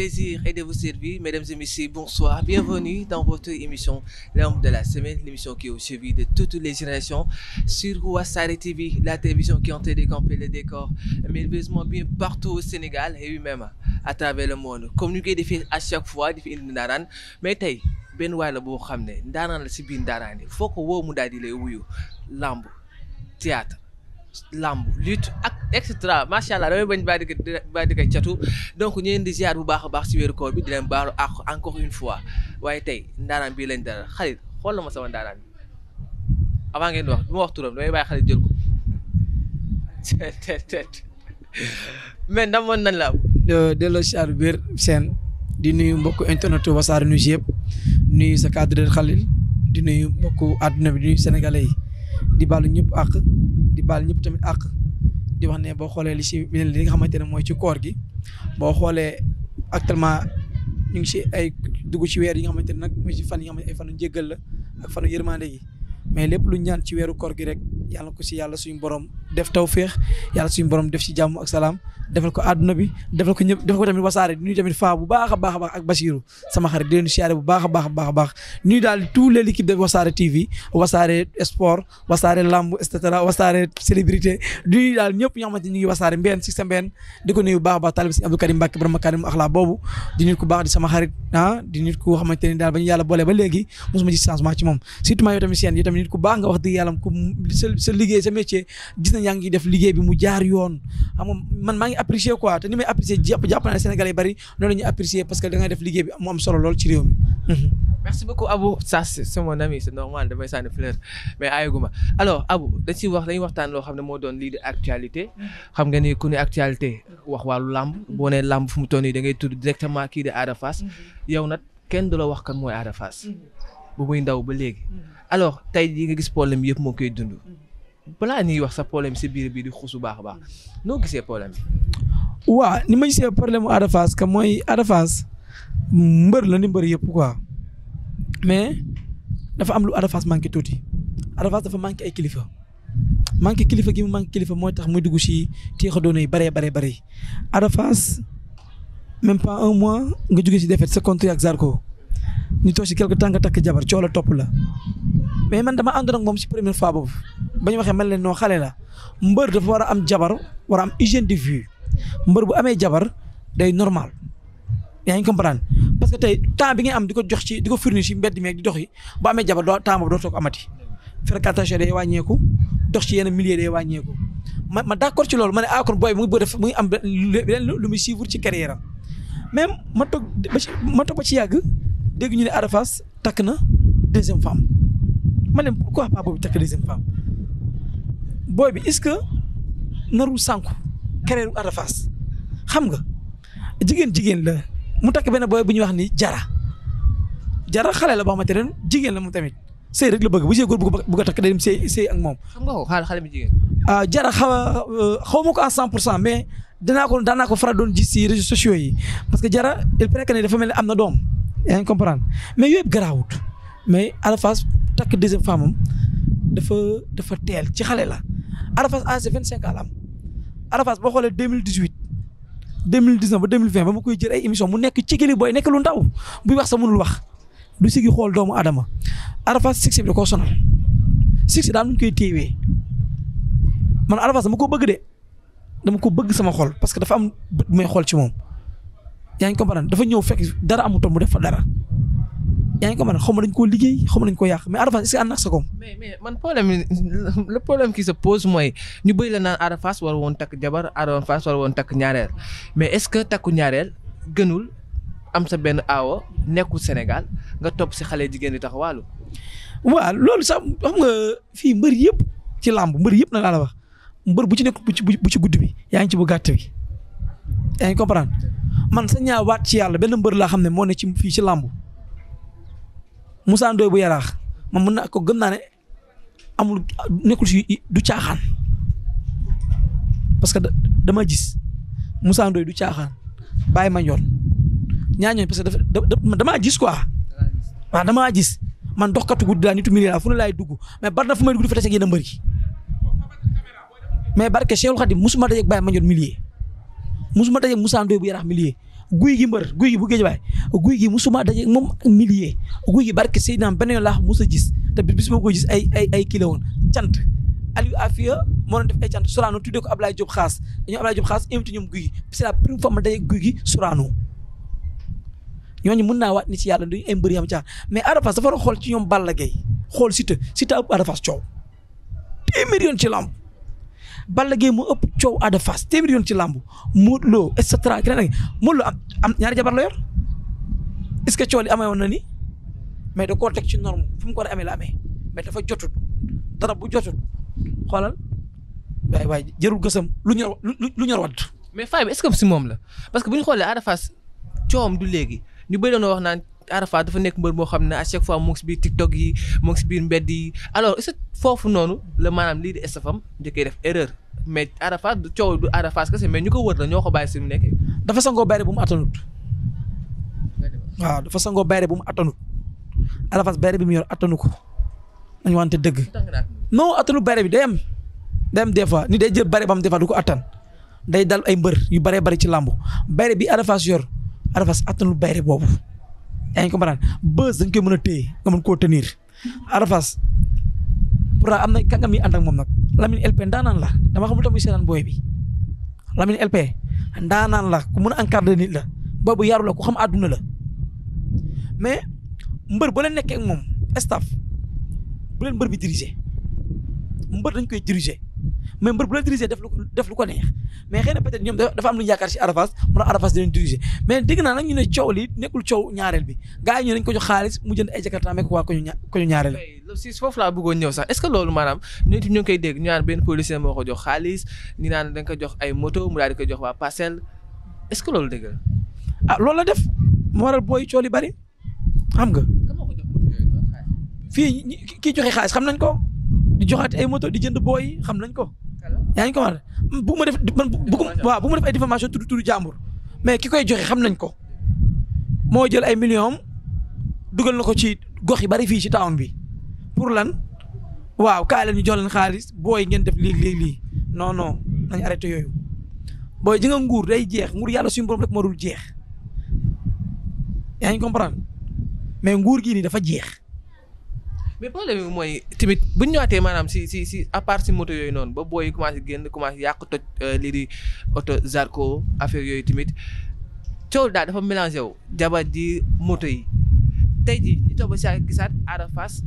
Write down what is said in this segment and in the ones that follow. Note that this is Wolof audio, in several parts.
plaisir est de vous servir. Mesdames et messieurs, bonsoir. Bienvenue dans votre émission L'homme de la semaine, l'émission qui est au suivi de toutes les générations sur Wassare TV, la télévision qui a décampé le décor merveilleusement bien partout au Sénégal et lui-même à travers le monde. Comme nous l'avons à chaque fois, nous avons fait mais tey benn waay la boo xam ne ndaanaan la si biir ndaanaan yi foo ko woo mu daal di lay wuyu lamb théâtre lamb lutte ak extra macha allah damay bañ baa di bàyyi di catu donc ñu leen di ziar bu baax a baax si weeru koor bi di leen baalu àq encore une fois waaye tey ndaanaan bii lañ dara xarit xool la ma sama ndaanaan bi avant ngeen di wax du ma wax turam damay bàyyi xarit jël ko ndamoon nañ la. delloo ziar biir seen di nuyu mbokku internet wasaare nu yëpp nuy sa cadre Khalil di nuyu mbokku àdduna bi di nuyu yi. di baalu ñëpp àq di baal ñëpp tamit àq di wax ne boo xoolee li si li nga xamante ne mooy ci koor gi boo xoolee actuellement ñu ngi si ay duggu ci weer yi nga xamante ne nag muy si fan yi nga xamante ay fanu njéggal la ak fanu yërmande yi mais lépp lu ñaan ci weeru koor gi rek yàlla ko si yàlla suñu borom def tawféex yàlla suñu borom def ci jàmm ak salaam defal ko àdduna bi defal ko tamit wasaare nuyu tamit faa baax a baax a baax ak Basiru sama xarit di siyaare bu baax a baax a baax a baax nuyu a baax nit ku ah, tamit seen yow baax nga wax dëgg yàlla ku sa liggéey sa nañ yaa ngi def liggéey bi yoon xam nga man maa ngi apprécier quoi ni may apprécier jàpp jàpp naa bari noonu la ñuy apprécier parce que da ngay def liggéey solo lool ci réew mi. merci beaucoup Abou ça c'est mon ami c'est normal damay sànni fleur mais ayuguma alors Abou dañ ciy wax dañuy waxtaan loo xam ne moo doon lii di actualité xam nga ni ku ne actualité wax wàllu làmb boo nee làmb fu mu toll da ngay tudd directement kii di Ada Fass mm-hmm. yow nag kenn du la wax kan mooy Ada Fass mm-hmm. ba léegi mm-hmm. alors tey jii nga balaa ñuy wax sa problème si biir bi di xusu baax a baax noo gisee problème bi. waa ni ma gisee problème mu Ada Fass que mooy Ada mbër la ni mbër yëpp quoi mais dafa am lu Ada Fass manqué tuuti Ada dafa manqué ay kilifa manqué kilifa gi mu manqué kilifa mooy tax muy dugg si teexa doona yi baree baree baree Ada Fass même pas un mois nga jógee si défaite sa contre ak Zarko ñu toog si quelque temps nga takk jabar coola topp la mais man dama àndoon ak moom si première fois boobu ba ñu waxee man leen noo xale la mbër dafa war a am jabar war am hygiène de vie mbër bu amee jabar day normal yaa ngi comprendre parce que tey temps bi ngay am di ko jox ci di ko fournir si mbedd meeg di dox yi bu amee jabar doo temps boobu doo toog amati fréquentation day wàññeeku dox ci yenn milieu day wàññeeku ma ma d' accord ci loolu ma ne ah kon booy mu ngi bëgg def mu ngi am leneen lu muy suivre ci carrière am même ma toog ba ci ma toog ba ci yàgg dégg ñu ne Ada takk na deuxième femme. ma ne pourquoi bi est-ce que naru sànku kereeru Ada Fass xam nga jigéen jigéen la mu takk benn booy bu ñu wax ni jara jara xale la boo xamante ne jigéen la mu tamit se rek la bëgg bu see góor bu ko a takk dem sëy sëy ak moom. xam nga ko xale xale bi jigéen. ah jara xaw euh, xaw ma ko a 100 pour cent mais danaa ko daanaa ko fara doon gis si réseaux sociaux yi parce que jara il paraît que ne dafa mel am na doom yaa ngi mais yooyu yëpp garaawut mais Ada takk deuxième femme dafa dafa teel ci xale la Arafas âge vingt cinq ans la am boo xoolee deux mille dix huit deux mille dix neuf ba deux mille vingt ba ma koy jël ay mu nekk ci gëli booy nekk lu ndaw buy wax sa wax du sigi xool doomu Adama Arafas six bi da koo sonal six daal nu koy téewee man Arafas dama ko bëgg de dama ko bëgg sama xool parce que dafa am bët may xool ci moom yaa ngi comprendre dafa ñëw fekk dara amutoon mu def fa dara. yaa ngi ko mën a xaw ma dañ koo liggéey xaw ma dañ yàq mais Ada Fass mais mais man problème le problème qui se mooy ñu bëri la naan Ada Fass war woon takk jabar Ada Fass woon takk ñaareel mais est-ce que takku ñaareel gënul am sa benn aawa nekkul Sénégal nga topp si xale jigéen di taxawaalu. waaw loolu sax xam nga fii mbër yëpp ci làmb mbër yëpp nag laa wax mbër bu ci nekk ci guddi bi yaa ngi ci bu gàtt bi yaa ngi comprendre man sa ñaawaat ci yàlla benn mbër laa xam ne moom ne ci fii ci làmb Moussa Ndoye bu yaraax man mën naa ko gëm naa ne amul nekkul si du caaxaan parce que dama jis Moussa Ndoye du caaxaan bàyyi ma ñoon ñaañoon parce que dafa damaa gis quoi waaw damaa gis man doxkatu guddi laa nitu milliard fu ne laay dugg mais bari na fu may dugg di fa tase ak yéen a mbëri mais barke Cheikhul Khadim musuma dajeeg Baye Mandione millier musuma dajeeg Moussa Ndoye bu yaraax millier guy gi mbër guy gi bu géej waay guy gi musuma daje moom millier guy gi barke Seydina benn yoon la mos a gis te bis ma ko gis ay ay ay woon cant Aliou Afia moo doon def ay cant Sorano tuddee ko Ablaye Diop xaas dañoo Ablaye Diop xaas invité ñoom guy gi c'est la première fois ma daje guy gi Sorano ñooñu mën naa wa ni ci yàlla duñu ay mbër yam caa mais Ada Fass dafa war xool ci ñoom Balla Gaye xool Siteu Siteu ak Ada Fass coow téeméer yoon ci lamb Balla Gaye moo ëpp coow Ada Fass téeméer yoon ci làmb Modou Lo et cetera keneen Modou Lo am ñaar ñaari jabar la yor est-ce que coow li amee woon na ni mais da koo teg ci norme fu mu ko war a la amee mais dafa jotut dara bu jotut xoolal waaye waaye jërul gasam lu ñor lu ñor wadd mais faay bi est-ce que si moom la parce que bu ñu xoolee Ada Fass coowam du léegi ñu bëri doon wax naan Arafat dafa nekk mbër moo xam ne à chaque fois mu ngi si biir TikTok yi mu ngi si biir mbedd yi alors est-ce foofu noonu la maanaam lii di estafam njëkkee def erreur mais Arafat du coow du Arafat kese mais ñu ko wër la ñoo ko bàyyi si mu nekkee. dafa sangoo bayre bu mu attanut. waaw dafa sangoo bayre bu mu attanut. Arafat bi mu yor attanu ko nañu wante dëgg. non attanu bayre bi day am day des fois ni day jël bayre bam des fois du ko attan day dal ay mbër yu baree bari ci làmb bayre bi Arafat yor Arafat attanu bayre boobu. yaa ngi dañ koy mën a téye nga mën koo tenir arafas pourtant am na kàngam yi ànd ak moom nag lamin LP ndaanaan la dama xamul tax muy seetaan booy bi lamin LP ndaanaan la ku mën a encadrer nit la booy bu yaru la ku xam àdduna la mais mbër ba leen nekkee ak moom staff bu mbër bi diriger mbër dañ koy diriger. mais mbër bu la diriger def lu def lu ko neex mais xëy na peut-être ñoom dafa am lu ñu yaakaar ci Arafas mun a Arafas dinañ diriger mais dégg naa nag ñu ne coow lii nekkul coow ñaareel bi gars yi ñu dañ ko jox xaalis mu jënd ay jakarta meek waa ko ñu ña ko ñu ñaareel si foofu laa bëggoon ñëw sax est-ce que loolu maanaam ñun ñu ngi koy dégg ñu naan benn policier moo ko jox xaalis ñu naan da nga ko jox ay moto mu daal di ko jox waa parcelle est-ce que loolu dëgg la ah, la def mu waral booy coow li bari xam nga fii kii joxe xaalis xam nañ ko di joxaat ay moto di jënd booy xam nañ ko. yaa ngi ko war bu ma def man bu waaw bu ma def ay diffamation tudd tudd jàmbur mais ki koy joxe xam nañ ko moo jël ay millions dugal na ko ci gox yi bari fii ci town bi pour lan waaw kaay la ñu jox leen xaalis booy ngeen def lii lii no no non nañ arrêté yooyu booy ji nguur day jeex nguur yàlla si borom rek moo dul jeex yaa ngi comprendre mais nguur gi nii dafa jeex. mais problème bi mooy tamit bu ñu ñëwaatee maanaam si si si à part si moto yooyu noonu ba booy yi génn commencé yàq toj euh, lii oto Zarko affaire yooyu tamit coow daal dafa mélangé wu. jabar ji moto yi tey ji ñu toog ba saa gisaat Ada Fass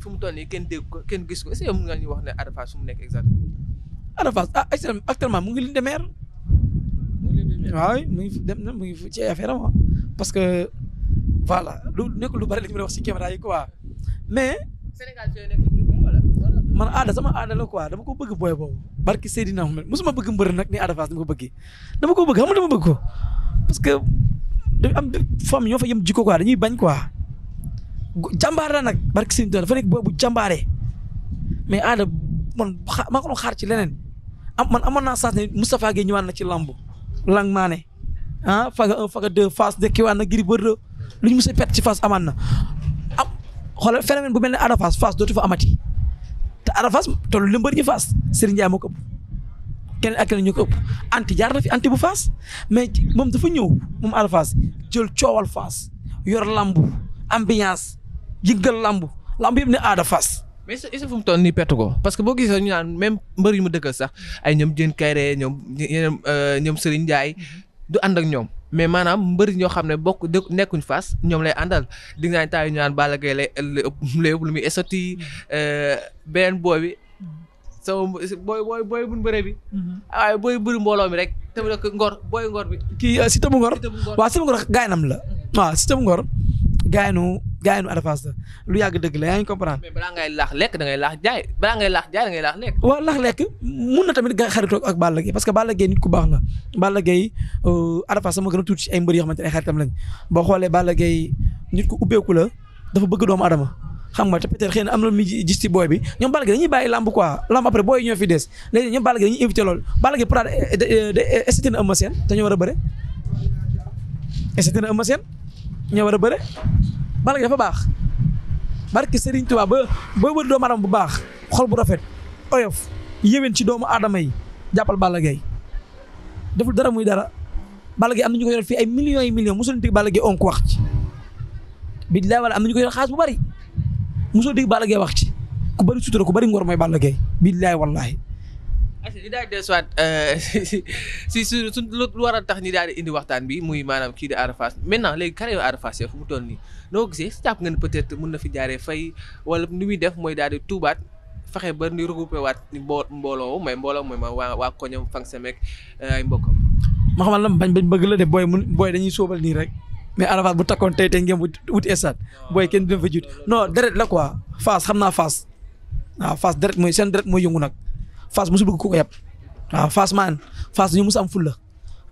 fu mu toll nii kenn dégg ko kenn gis ko est-ce que mën nga ñu wax ne Ada Fass fu mu nekk exactement. Ada Fass ah actuellement mu ngi leen de meer. waaw mu ngi dem na mu ngi ci affaire am ah. parce que voilà lu nekk lu bari la ñu mën a wax si caméra yi mais. Sénégal man aada sama aada la quoi dama ko bëgg booy boobu. barki Seydina Mohamed mosuma bëgg mbër nag ni Ada Fass dama ko bëggee bëgg xam nga dama bëgg ko parce que dañu am femme ñoo fa yem jikko quoi dañuy bañ quoi jàmbaar la nag barki Seydina dafa nekk booy bu jàmbaaree mais aada man xa maa ko doon xaar ci leneen am man amoon naa chance ne Moustapha Guèye ñëwaat na ci lambu. lang maane ah faga un faga deux Fass na Gris Bordeaux lu ñu mos a pet ci Fass amaan na xoolal phénomène bu mel ne Ada Fass Fass dootu fa amati te Ada Fass tollu lëmbër ñi Fass Serigne Ndiaye moo ko ëpp keneen ak keneen ñu ko ëpp anti jaar na fi anti bu fas mais moom dafa ñëw moom Ada Fass jël coowal fas yor lambu ambiance yëngal lambu lambu yëpp ne Ada Fass. mais est ce que nii perte ko parce que boo gisee ñu naan même mbër yi mu dëkkal sax ay ñoom Diène Kairé ñoom euh, ñoom Serigne Ndiaye du ànd ñoom mais maanaam mbëri ñoo xam ne bokk nekkuñ faas ñoom lay àndal di nga naan taay ñu naan Balla Gaye lay lay ëpp lu muy esoti mm-hmm. euh, beneen booy bi sama booy bu mbëre bi. Mm-hmm. Ah, waaye booy bëri mbooloo mi rek. te mu ngor booy ngor bi. kii euh, si tëbu ngor waaw si tëbu ngor gaynam la mm-hmm. waaw si tëbu ngor gaynu gaa yi nu Ada Fass la lu yàgg dëgg la yaa ngi comprendre. mais balaa ngay laax lekk da laax jaay balaa laax lekk. mun na tamit xaritoo ak Balla Gaye parce que bala Gaye nit ku baax la Balla Gaye euh, Ada Fass sama gën a tuuti ci ay mbër yoo xamante boo xoolee Balla Gaye nit ku ubbeeku dafa bëgg doomu adama xam nga te peut-être xëy na am na mi gis ci booy bi ñoom Balla Gaye dañuy bàyyi lamb quoi lamb après booy ñoo fi des léegi ñoom Balla Gaye dañuy invité loolu Balla Gaye te ñoo war a bëre excité na ma Sène ñoo war a bëre Balla Gaye dafa baax barki Serigne Touba ba ba wër doomu aadama bu baax xol bu rafet oyof yéwén ci doomu aadama yi jàppal Balla Gaye deful dara muy dara Balla Gaye am na ñu ko yor fii ay millions yi millions mosul dégg bala Gaye onk wax ci billaay wala am na ñu ko yor xaalis bu bari mosul dégg Balla Gaye wax ci ku bari sutura ku bari ngor mooy Balla Gaye billaay wallahi li daal di soit si su su lu war a tax ñi daal di indi waxtaan bi muy maanaam kii di Ada Fass maintenant léegi carrière Ada Fass yow fu mu toll nii noo gisee si jàpp ngeen peut-être mun na fi jaaree fay wala nu muy def mooy daal di tuubaat fexe ba ni regroupé waat mbooloo mooy mbooloo ma waa waa koñam fan sa meeg ay mbokkam. ma xamal lam bañ bañ bëgg la de booy mun booy dañuy soobal nii rek mais Ada Fass bu takkoon tey tey ngeen wut estat oh, booy kenn du fa jut non deret la quoi Fass xam naa Fass waaw Fass deret mooy seen deret mooy yëngu nag. Fass mosul bëgg ku ko yab waaw maan Fass dañu mos am fulla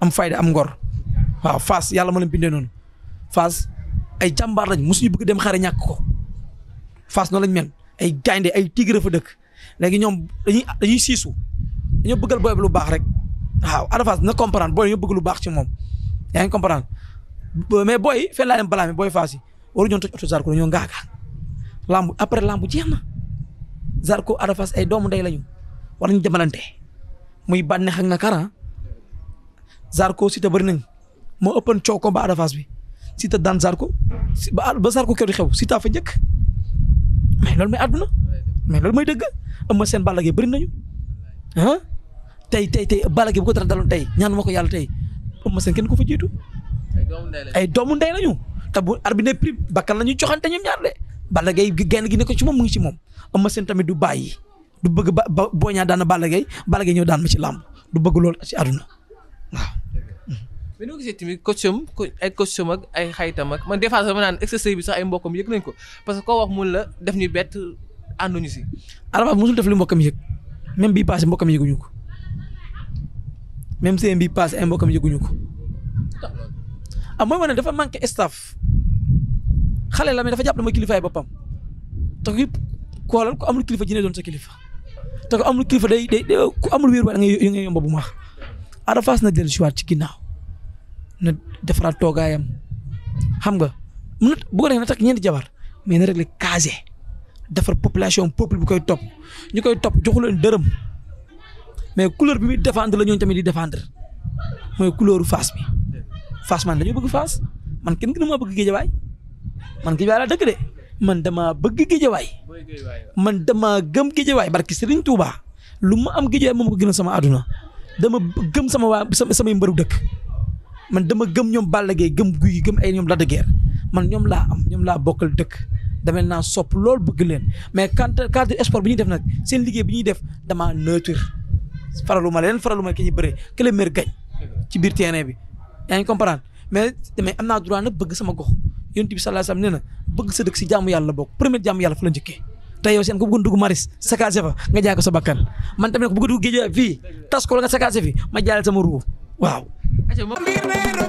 am fayda am ngor waaw Fass yàlla ma leen bindee noonu Fass ay jàmbaar lañ mosuñu bëgg dem xare ñàkk ko Fass noonu lañ mel ay gaynde ay tigre fa dëkk léegi ñoom dañuy dañuy siisu dañoo bëggal booy bi lu baax rek waaw Ada Fass dina comprendre booy dañoo bëgg lu baax ci moom yaa ngi comprendre mais booy fenn laa leen balaa mi booy Fass yi waru ñoon toj oto Zarko dañoo après lamb jeex na Zarko Ada Fass ay doomu day lañu war nañ demalante muy bànneex ak nakara ah. Zarko Siteu bëri nañ moo ëppan coko combat Ada Fass bi Siteu daan Zarko ba ba Zarko kër di xew Siteu fa njëkk mais loolu mooy àdduna mais loolu mooy dëgg Eumeu Sène Balla Gaye bëri nañu ah tey tey tey Balla Gaye bu ko dara daloon tey ñaan ma ko yàlla tey Eumeu Sène kenn ko fa jiitu ay doomu ndey lañu te bu arbitre bi bakkan la ñuy joxante ñoom ñaar de Balla Gaye genn gi ne ko ci moom mu ngi ci moom Eumeu Sène tamit du bàyyi du bëgg ba ba Boy Niang daan na Balla ñëw daan ma ci làmb du bëgg loolu ci àdduna waaw. mais noo gisee ay coacham ak man des fois dama naan exercice bi sax ay mbokkam yëg nañ ko parce que koo wax mun la def ñu bett ànduñu si. Arafaas musul def li mbokkam yëg même bii passé mbokkam yëguñu ko même seen bii passé ay mbokkam yëguñu ko ah mooy wane dafa manqué staff xale la mais dafa jàpp ne mooy kilifaay boppam te ko xoolal ku amul kilifa ji ne doon sa kilifa. te ko amul kilifa day day ku amul wéeruwaay da ngay da ngay bu mu wax. Ada Fass na dellu si waat ci ginnaaw na defaraat toogaayam xam nga mun na bu ko defee ñeenti jabar mais na réglé casé defar population peuple bu koy top ñu koy topp joxu leen dërëm mais couleur bi muy défendre la ñooñu tamit di défendre mooy couleuru Fass bi Fass man dañoo bëgg Fass man kenn gënu maa bëgg Géejawaay man Géejawaay laa dëkk de. man damaa bëgg géejawaay man damaa gëm géejawaay barki Serigne Touba lu ma am géejawaay moom ko gënal sama àdduna dama gëm sama waa samay mbëru dëkk man dama gëm ñoom Balla Gaye gëm guy gëm ay ñoom Lac de man ñoom laa am ñoom laa bokkal dëkk damel naa sopp lool bëgg leen mais cadre cadre sport bi ñuy def nag seen liggéey bi ñuy def damaa neutre faralu ma leen faralu ma ki ñu bëree que le meilleur ci biir terrain bi yaa ngi comprendre mais damay am naa droit nag bëgg sama gox yonent bi sallallahu alayhi wasallam nee na bëgg si jaamu yàlla bokk premier jaamu yàlla fa la njëkkee te yow seen ko bëggoon dugg maris sakaase fa nga jaay sa bakkan man tamit ko bëgg dugg géej fii tas ko nga sakaase fi ma jaayal sama ruu waaw